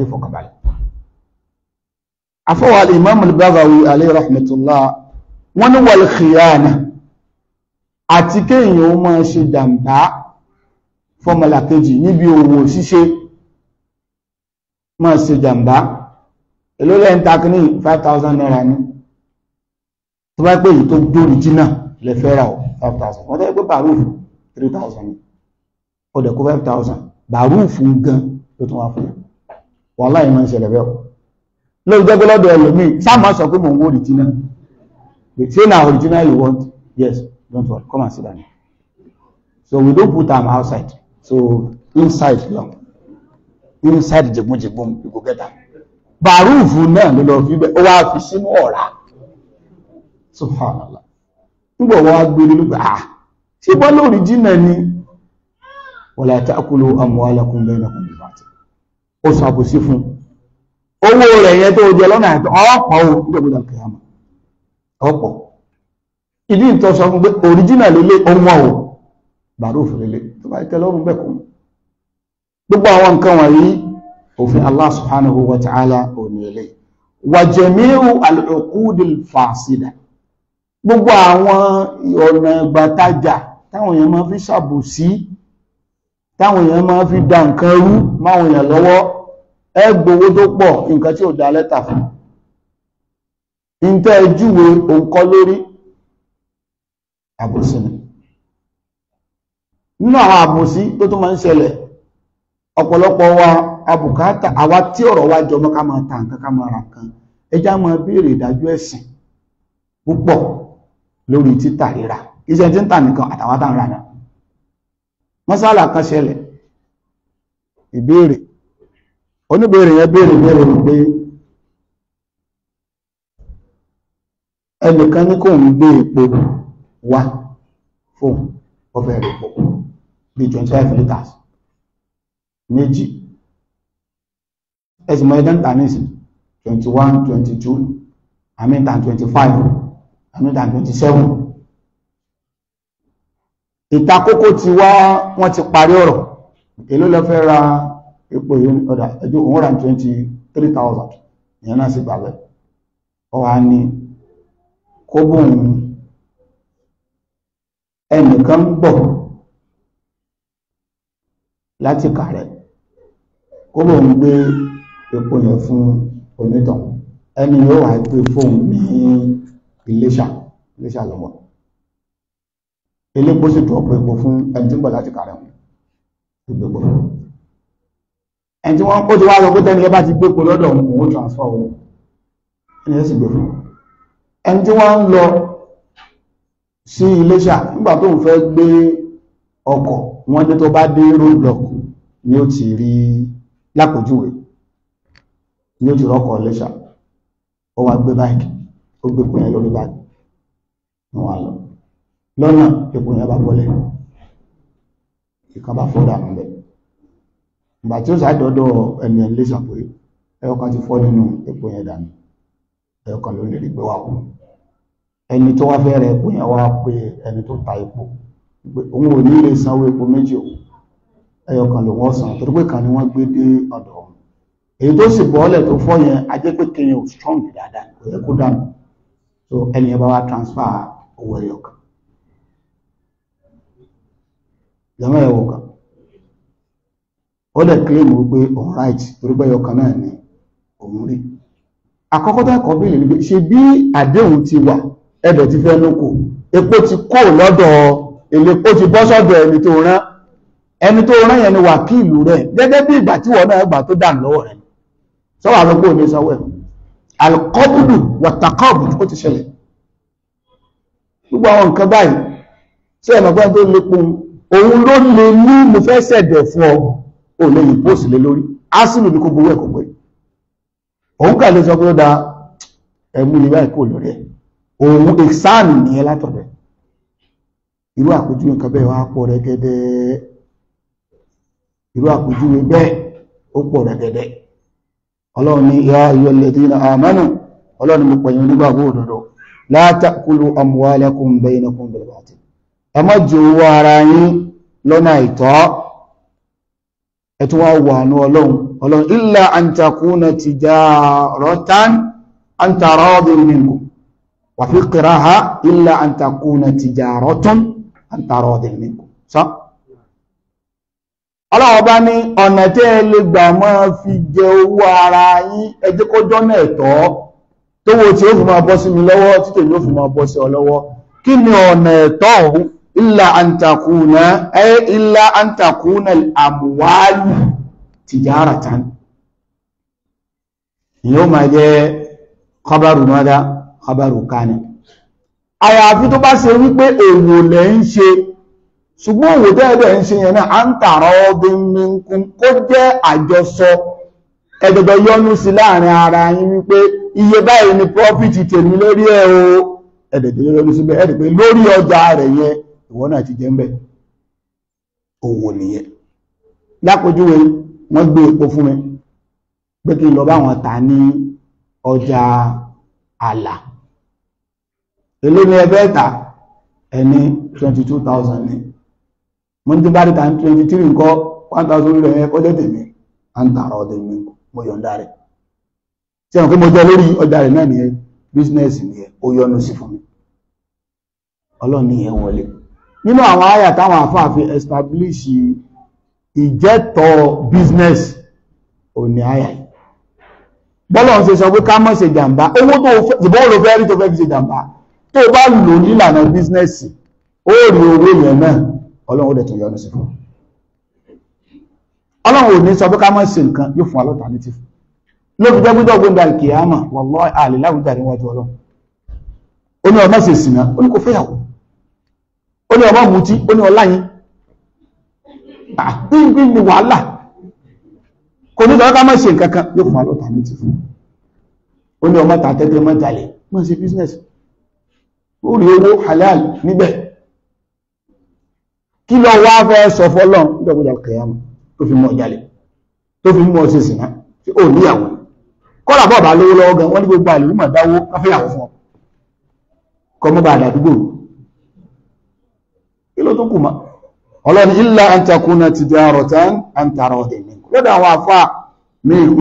ẹ fọkànbalẹ̀ afọwà imam al-Baghawi alayhi rahmatullah wọ́n ní wal khiyana àti kéèyàn ó máa ṣe jàǹbá fọmọlàkejì níbi òwò ṣíṣe máa ṣe jàǹbá èló lẹ́yìn takní five thousand naira ní tó bá pè yìí tó dórí jìnnà lè fẹ́ ra ọ five wọ́n tẹ́ pé bàrúfù three thousand ọ̀dẹ̀ bàrúfù gan ló tún wá fún yẹn wọ́n láì máa ń ṣẹlẹ̀ bẹ́ẹ̀ lóò jẹ́ gbọ́lọ́dọ̀ ẹlòmíì sáàmà sọ pé mò ń wo original the trainer original you want yes don't worry come and sit down so we don't put am outside so inside long inside jẹgbọnjẹgbọn you go get am bàrúùfù náà ló lọ fi bẹ ó wá fi sínú ọ̀rá subhanallah nígbà wọn á gbé nínú gbà á tí bọ́lá original ni wala ta'kulu amwalakum bainakum ó ṣàbòsí fún owó rẹ̀ yẹn tó jẹ lọ́nà àìtọ́ ọ̀pọ̀ o nígbàgbọ́dà kìyàmà ọ̀pọ̀ ìdí ìtọ́ sọ fún pé original lélé ọmọ o bàrú òfin lélé tó bá tẹ lọ́rùn bẹ́ẹ̀ kún gbogbo àwọn nǹkan wọ̀nyí òfin Allah subhanahu wa ta'ala ò ní ilé wa jami'u al gbogbo àwọn ọ̀nà ìgbàtajà táwọn èèyàn máa fi ṣàbòsí táwọn èèyàn máa fi da nǹkan rú máwọn èèyàn lọ́wọ́ ẹ gbowó tó pọ̀ nǹkan tí ò dá lẹ́tà fún ìntẹ́ ìjúwe òǹkọ́ lórí àbòsí ni nínú àwọn àbòsí tó tún máa ń ṣẹlẹ̀ ọ̀pọ̀lọpọ̀ wa abùkátà àwa tí ọ̀rọ̀ wa jọmọ́ ká máa ta nǹkan ká máa ra nǹkan ẹjá máa béèrè ìdájọ́ ẹ̀sìn púpọ̀ lórí títà rírà iṣẹ́ tí ń tà nìkan àtàwátà ń rà náà Masala kan ṣẹlẹ̀ ìbéèrè oníbéèrè yẹn béèrè béèrè pé ẹnìkan ní kò ń gbé epo wá fún ọbẹ̀ epo bí 25 litres méjì ẹ̀sìn mọ́ ẹ̀dán tà nísìn 21 22 àmì tàn 25 àmì tàn 27 ìtakókó ti wá wọ́n ti parí ọ̀rọ̀ èló lọ fẹ́ ra epo yìí ọ̀dà ẹjọ́ òun rà twenty three thousand ìyẹn náà sì gbàgbẹ́ ọ̀hà ni kó bóun ẹnìkan ń bọ̀ láti kàrẹ́ kó bóun gbé epo yẹn fún onítàn ẹni yóò wá gbé fóun ní iléṣà iléṣà lọ́wọ́ elépo sì dọ̀pọ̀ epo fún ẹni tí ń bọ̀ láti kàrẹ̀ wọn ìgbèpo ẹni tí wọ́n kó ti wá lọ pé tẹ́ni ẹ bá ti gbépo lọ́dọ̀ òun òun transfer owó ẹni ẹ sì gbé fún ẹni tí wọ́n ń lọ sí Iléṣà nígbà tó ń fẹ́ gbé ọkọ̀ wọ́n ní tó bá dé roadblock ni ó ti rí lápòjúwe ni ó ti rọ́kọ̀ Iléṣà ó wá gbé báyìí ó gbé pé yẹn lórí báyìí wọ́n wá lọ lọ́nà epo yẹn bá fọ́lẹ̀ ìkan bá fọ́ dànù bẹ̀ ìgbà tí ó sàdọ́dọ̀ ẹni ẹ̀ lẹ́sà pé ẹyọkan ti fọ́ nínú epo yẹn dànù ẹyọkan ló lè rí pé wà kú ẹni tó wá fẹ́ rẹ epo yẹn wá pé ẹni tó ta epo pé òun ò ní lè sanwó epo méjì o ẹyọkan ló wọ́n san torí pé kan ni wọ́n gbé dé ọ̀dọ̀ ọ̀hún èyí tó sì bọ́ọ̀lẹ̀ tó fọ́ yẹn ajẹ́ pé kẹyìn ò strong dáadáa kò yẹ kó dànù so ẹni yẹn bá wá transfer owó ẹyọkan jọmọ́ ẹ̀wọ̀ kan ó dẹ̀ kílèmù pé right torí pé náà ni òun rí àkọ́kọ́ tó ẹ̀kọ́ bílẹ̀ ṣe bí àdéhùn ti wà ẹbẹ̀ ti fẹ́ lóko epo ti kó lọ́dọ̀ elépo ti bọ́ sọ́dọ̀ ẹni tó rán ẹni tó rán yẹn ni wàkíìlú gẹ́gẹ́ bí ìgbà tí wọ́n náà gbà tó dà lọ́wọ́ sọ́wọ́ òun ló lè ní mo fẹ́ sẹ̀dẹ̀ fún ọ ò lè yìí pósì lé lórí asínú ní kó gbowó ẹ̀kọ́ pé òun kà lè sọ pé ó da ẹ̀mú ní báyìí kò lórí ẹ̀ òun ìsáàmì nìyẹn látọ̀dẹ̀ irú àpèjúwe nǹkan bẹ́ẹ̀ wá pọ̀ rẹ́gẹ́dẹ́ irú àpèjúwe bẹ́ẹ̀ ó pọ̀ rẹ́gẹ́dẹ́ ọlọ́run ní ìhà ìyọ alladhina amanu ọlọ́run mo pẹ̀yìn onígbàgbọ́ òdodo la ta'kulu amwalakum ẹ má ju owó ara yín lọ́nà àìtọ́ ẹ tún wá wà ní ọlọ́run ọlọ́run illa an takuna tijaratan an taradin minkum wa fi qira'a illa an takuna tijaratan an taradin minkum sọ́ ọlọ́wọ́ bá ní ọ̀nà tí ẹ lè gbà máa fi jẹ owó ara yín ẹ kó jọ́nà ẹ̀tọ́ tówó tí ó fi máa bọ́ sí mi lọ́wọ́ títẹ̀ yóò fi máa bọ́ sí ọ lọ́wọ́ kí ni ọ̀nà ẹ̀tọ́ ọ̀hún ìlà àǹtàkùnà ẹ ìlà àǹtàkùnà àmúwálù tìjáratan ìyẹn ó máa jẹ́ kọbárù mọ́dá kọbárù kánà àyàfi tó bá ṣe wípé òwò lẹ ń ṣe ṣùgbọ́n òwò tẹ́ẹ̀dẹ̀ ń ṣe yẹn náà à ń tààrọ ọdún minkum kó jẹ́ àjọsọ ẹ̀dọ̀dọ̀ yọnu sí láàrin ara yín wípé iye báyìí ni profit tèmi lórí ẹ̀ o ẹ̀dọ̀dọ̀ yọnu síbẹ̀ ẹ̀dọ̀ pé lórí ọjà rẹ̀ yẹn ìwọ náà ti jẹ́ ń bẹ̀ òwò nìyẹn lápòjúwe wọ́n gbé epo fún mi pé kí lọ báwọn ta ní ọjà àlà ni ẹgbẹ́ ta ẹni 22,000 ni mo ti bá rí ta ní nǹkan one rẹ̀ tèmi à ń tààrọ̀ ọdẹ mi mo yọ̀ǹda rẹ̀ tí nínú àwọn àyà táwọn àfáàfin establish ìjẹ́tọ̀ business òní àyà bọ́lọ̀ ṣe sọ pé ká se ṣe jàmbá owó tó ìbọn ló fẹ́ rí tó fẹ́ fi ṣe jàmbá tó bá lò nílànà business ó rí owó yẹn náà ọlọ́run ó dẹ̀ tó yọ ọ́nà sí fún ọlọ́run ò ní sọ pé ká mọ́ ṣe nǹkan yóò fún alọ́ta ní ti fún ló fi jẹ́gbẹ́jọ́ gbẹ́gbẹ́ alìkèyàmà wallahi àlè láwùjá níwájú ọlọ́run ó ní ọmọ ṣe sìnà ó ní kò fẹ́yàwó ó ní ọmọ mutí ó ní ọlá yín àbíbí ah, ni wàhálà kò ní sọ́kà má ṣe nǹkan kan yóò fún wa lọ́ta ní ti fún ó ní ọmọ tà tẹ́tẹ́ mọ́ jalè business ó rí owó halal níbẹ̀ kí lọ wá fẹ́ sọ fọ́lọ́n nígbàgbọ́dà kẹyàmù tó fi mọ́ jalè tó fi mọ́ ṣe sìnà tí ó níyàwó kọ́lá bọ́ọ̀bà lówó lọ́wọ́ gan wọ́n ní gbogbo àlè ló mọ̀ dáwó káfíyàwó fún ọ kọ́ mọ́ bá àdàdúgbò kí ló tó kù mọ́ ọlọ́ni ilá àǹtakùnà ti di àrọ̀tán àǹtarọ̀dẹ̀ lọ́dọ̀ àwọn àfáà míì